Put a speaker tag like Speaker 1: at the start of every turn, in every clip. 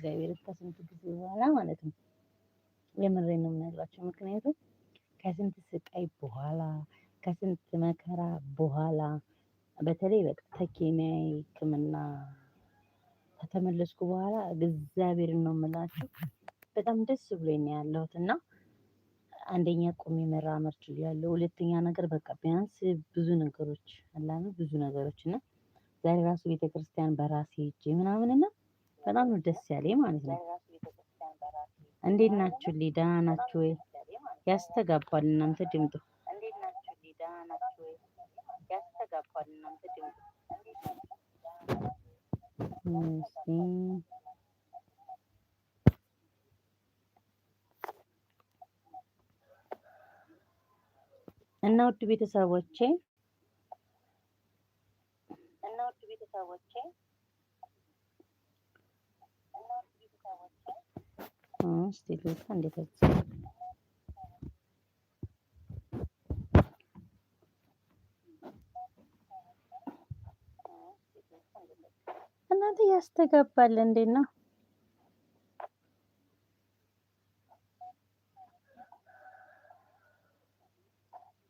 Speaker 1: እግዚአብሔር ከስንት ጊዜ በኋላ ማለት ነው። የምሬ ነው የምነግራቸው። ምክንያቱም ከስንት ስቃይ በኋላ ከስንት መከራ በኋላ በተለይ በቃ ከኬንያ ሕክምና ከተመለስኩ በኋላ እግዚአብሔር ነው የምላቸው። በጣም ደስ ብሎኝ ያለሁት እና አንደኛ ቆሜ መራመድ ችያለሁ። ሁለተኛ ነገር በቃ ቢያንስ ብዙ ነገሮች አላሉ ብዙ ነገሮች እና ዛሬ ራሱ ቤተክርስቲያን በራሴ ሄጄ ምናምን እና በጣም ነው ደስ ያለኝ ማለት ነው። እንዴት ናችሁ? ሊዳ ናችሁ ወይ? ያስተጋባል እናንተ ድምጡ እና ውድ ቤተሰቦቼ
Speaker 2: እና ውድ ቤተሰቦቼ
Speaker 1: እስቲ ልውጣ። እንዴት እናንተ ያስተጋባል እንዴ ነው?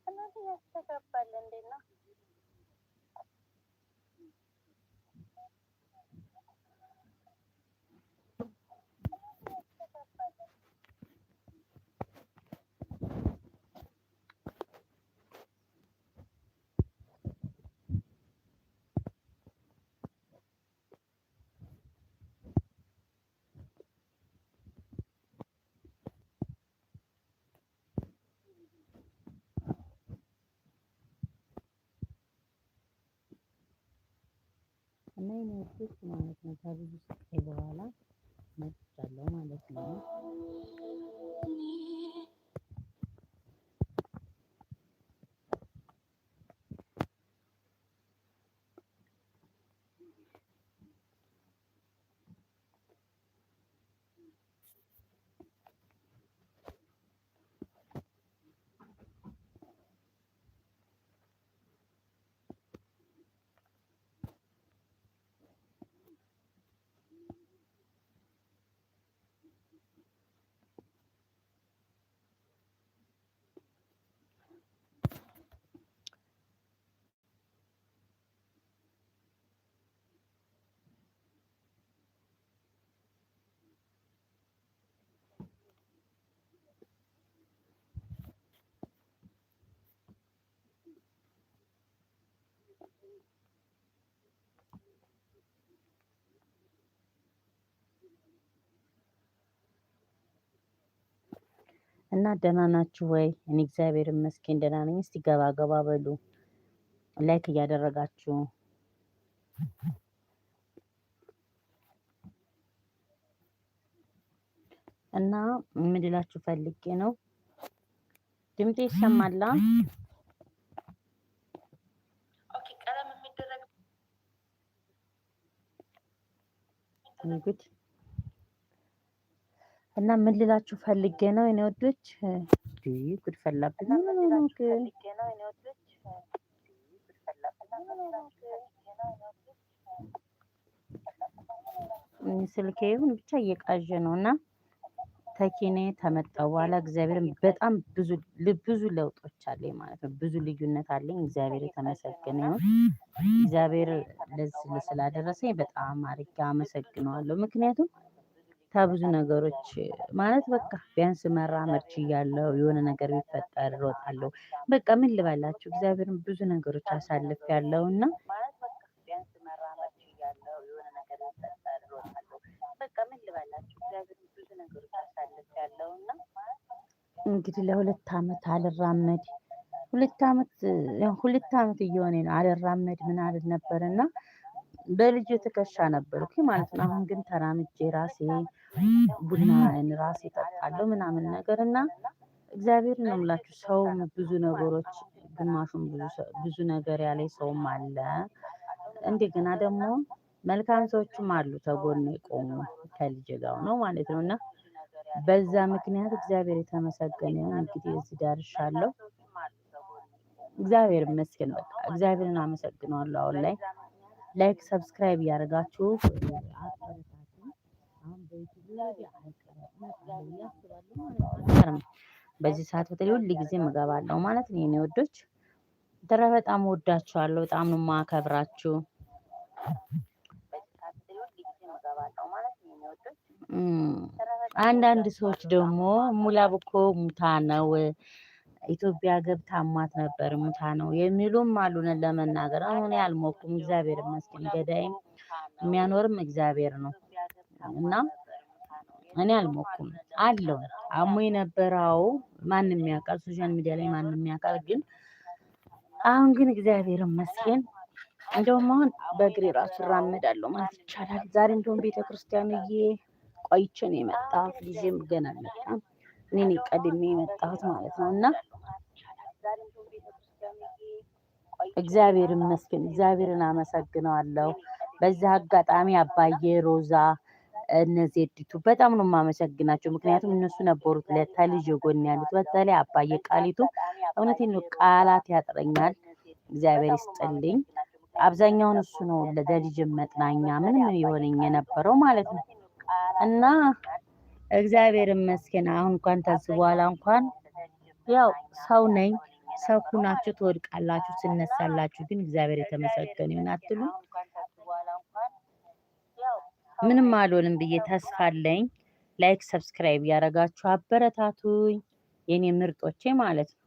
Speaker 2: እናንተ ያስተጋባል እንዴ ነው?
Speaker 1: አይነቶች ማለት ነው። ከብዙ ስቃይ በኋላ መጥቻለሁ ማለት ነው። እና ደህና ናችሁ ወይ? እኔ እግዚአብሔር ይመስገን ደህና ነኝ። እስቲ ገባ ገባ በሉ ላይክ እያደረጋችሁ እና ምንድላችሁ ፈልጌ ነው። ድምጤ ይሰማላ?
Speaker 2: ቀለም የሚደረግ
Speaker 1: እና ምን ልላችሁ ፈልጌ ነው የኔ ወዶች፣ ጉድ ፈላብኝ። ስልኬ ይሁን ብቻ እየቃዥ ነው እና ተኪኔ ተመጣው በኋላ እግዚአብሔርን በጣም ብዙ ብዙ ለውጦች አለኝ ማለት ነው። ብዙ ልዩነት አለኝ። እግዚአብሔር የተመሰገነ ይሁን። እግዚአብሔር ለዚህ ስላደረሰኝ በጣም አድርጌ አመሰግነዋለሁ። ምክንያቱም ከብዙ ነገሮች ማለት በቃ ቢያንስ መራመድ ችያለሁ። የሆነ ነገር ቢፈጠር እሮጣለሁ። በቃ ምን ልበላችሁ እግዚአብሔርን ብዙ ነገሮች ያለው እና እንግዲህ ለሁለት ዓመት አልራመድ ሁለት ዓመት ሁለት ዓመት እየሆነ ነው አልራመድ ምን ነበር እና በልጅ ትከሻ ነበርኩ ማለት ነው። አሁን ግን ተራምጄ ራሴ ቡናን ራሴ ጠጣለሁ ምናምን ነገር እና እግዚአብሔር ነው የምላችሁ። ሰው ብዙ ነገሮች ግማሹም ብዙ ነገር ያለ ሰውም አለ። እንደገና ደግሞ መልካም ሰዎችም አሉ ተጎን የቆሙ ከልጅ ጋር ነው ማለት ነው እና በዛ ምክንያት እግዚአብሔር የተመሰገነ ይሁን። እንግዲህ እዚህ ደርሻለሁ። እግዚአብሔር ይመስገን። በቃ እግዚአብሔርን አመሰግነዋለሁ አሁን ላይ ላይክ ሰብስክራይብ እያደረጋችሁ በዚህ ሰዓት በተለይ ሁል ጊዜ እገባለሁ ማለት ነው። የኔ ወዶች ተረ በጣም ወዳችኋለሁ። በጣም ነው የማከብራችሁ። አንዳንድ ሰዎች ደግሞ ሙላብኮ ሙታ ነው ኢትዮጵያ ገብታ አሟት ነበር ሙታ ነው የሚሉም አሉን ለመናገር አሁን ያልሞኩም እግዚአብሔር ይመስገን። ገዳይም የሚያኖርም እግዚአብሔር ነው እና እኔ አልሞኩም አለው አሞ የነበረው ማንም ያውቃል፣ ሶሻል ሚዲያ ላይ ማንም ያውቃል። ግን አሁን ግን እግዚአብሔር ይመስገን እንደውም አሁን በእግሬ ራሱ እራመዳለሁ ማለት ይቻላል። ዛሬ እንደውም ቤተ ክርስቲያን እዬ ቆይቼ ነው የመጣሁት። ጊዜም ገና አልመጣም። እኔ ቀድሜ የመጣሁት ማለት ነው እና እግዚአብሔር ይመስገን፣ እግዚአብሔርን አመሰግነዋለሁ። በዚህ አጋጣሚ አባዬ ሮዛ፣ እነዚህ ዲቱ በጣም ነው የማመሰግናቸው። ምክንያቱም እነሱ ነበሩት ለተልጅ ጎን ያሉት፣ በተለይ አባዬ ቃሊቱ። እውነቴን ነው ቃላት ያጥረኛል። እግዚአብሔር ይስጥልኝ። አብዛኛውን እሱ ነው ለልጅ መጥናኛ ምንም የሆነኝ የነበረው ማለት ነው እና እግዚአብሔር ይመስገን አሁን እንኳን ተዝ በኋላ እንኳን ያው ሰው ነኝ ሰው ሁናችሁ ትወድቃላችሁ፣ ትነሳላችሁ፣ ግን እግዚአብሔር የተመሰገነ ይሁን አትሉ። ምንም አልሆንም ብዬ ተስፋለኝ ላይክ ሰብስክራይብ ያደረጋችሁ አበረታቱኝ የኔ ምርጦቼ ማለት ነው።